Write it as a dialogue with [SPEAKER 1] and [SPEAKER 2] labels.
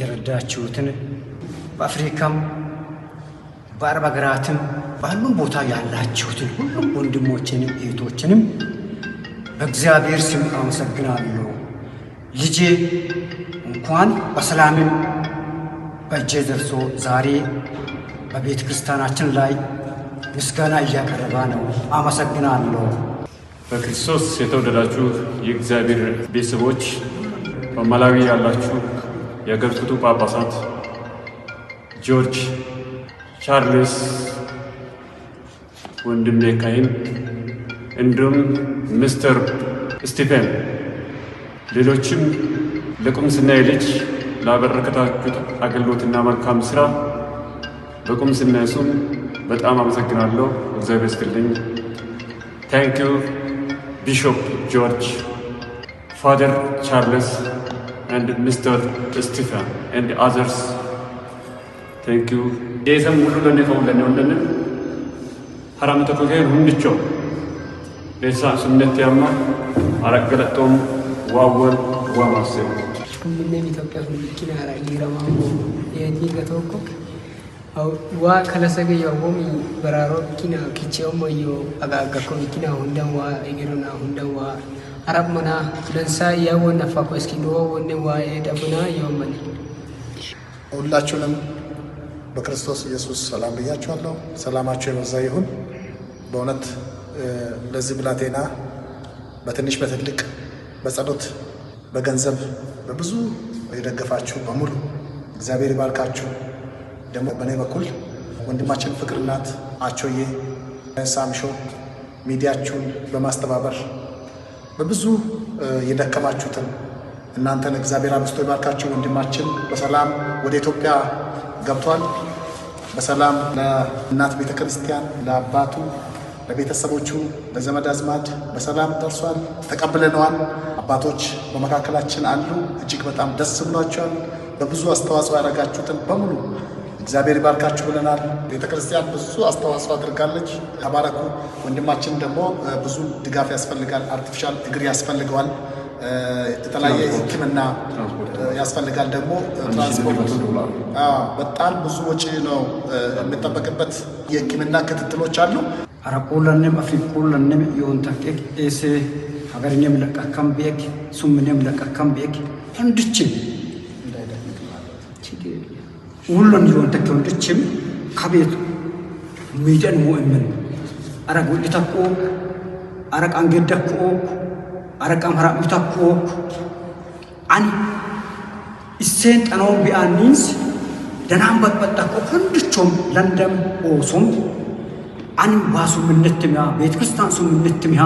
[SPEAKER 1] የረዳችሁትን በአፍሪካም በአረብ ሀገራትም ባሉም ቦታ ያላችሁትን ሁሉም ወንድሞችንም እህቶችንም በእግዚአብሔር ስም አመሰግናለሁ። ልጄ እንኳን በሰላምም በእጄ ደርሶ ዛሬ በቤተ ክርስቲያናችን ላይ ምስጋና እያቀረባ ነው። አመሰግናለሁ።
[SPEAKER 2] በክርስቶስ የተወደዳችሁ የእግዚአብሔር ቤተሰቦች በመላዊ ያላችሁ የግብጽቱ ጳጳሳት ጆርጅ ቻርልስ ወንድሜ ካይን እንዲሁም ምስተር ስቲፈን ሌሎችም ለቁምስና ልጅ ላበረከታችሁት አገልግሎትና መልካም ስራ በቁምስና ሱም በጣም አመሰግናለሁ። እግዚአብሔር ይስጥልኝ። ታንኪዩ ቢሾፕ ጆርጅ ፋደር ቻርልስ and Mr. Stephen and others. Thank you.
[SPEAKER 1] Jason Mulugan from London. Haram Tokoge, Hundicho. Besa Sunetiama, Arakalatom, Wawel, Wamase.
[SPEAKER 3] wa kala sage yo gomi bararo kina kiche mo yo aga ga ko kina hunda wa igiro na hunda wa arab manaa dansaa yaa waan afaa koo iskindoo wanne waa'ee dabnaa
[SPEAKER 4] ሁላችሁንም በክርስቶስ ኢየሱስ ሰላም ብያችኋለሁ። ሰላማችሁ የበዛ ይሁን። በእውነት ለዚህ ብላቴና በትንሽ በትልቅ በጸሎት በገንዘብ በብዙ የደገፋችሁ በሙሉ እግዚአብሔር ይባርካችሁ። ደግሞ በእኔ በኩል ወንድማችን ፍቅርናት አቾዬ ሳምሾ ሚዲያችሁን በማስተባበር በብዙ የደከማችሁትን እናንተን እግዚአብሔር አምስቶ ይባርካችሁ። ወንድማችን በሰላም ወደ ኢትዮጵያ ገብቷል። በሰላም ለእናት ቤተ ክርስቲያን፣ ለአባቱ፣ ለቤተሰቦቹ፣ ለዘመድ አዝማድ በሰላም ደርሷል። ተቀብለነዋል። አባቶች በመካከላችን አሉ። እጅግ በጣም ደስ ብሏቸዋል። በብዙ አስተዋጽኦ ያደረጋችሁትን በሙሉ እግዚአብሔር ይባርካችሁ ብለናል። ቤተ ክርስቲያን ብዙ አስተዋጽኦ አድርጋለች። ተባረኩ። ወንድማችን ደግሞ ብዙ ድጋፍ ያስፈልጋል። አርቲፊሻል እግር ያስፈልገዋል። የተለያየ ሕክምና ያስፈልጋል። ደግሞ ትራንስፖርት በጣም ብዙ ወጪ ነው የሚጠበቅበት። የሕክምና ክትትሎች አሉ።
[SPEAKER 1] አረቆለንም አፍሪቆለንም ተቄቅ ኤሴ ሀገርኔም ለቀከም ቤክ ሱምኔም ለቀከም ቤክ አንድችን ውሎን ይሆን ተክሆን እችም ከቤት ሚደን ሙእምን አረቅ ውድ ተኮ አረቅ አንገድ ደኮ አረቅ አን እሴን ጠኖም ቢአኒንስ ደናም በጥበጠኮ ሁንድቾም ለንደም ኦሶም አን ባሱ ምንትሚያ ቤተ ሱ ምንትሚያ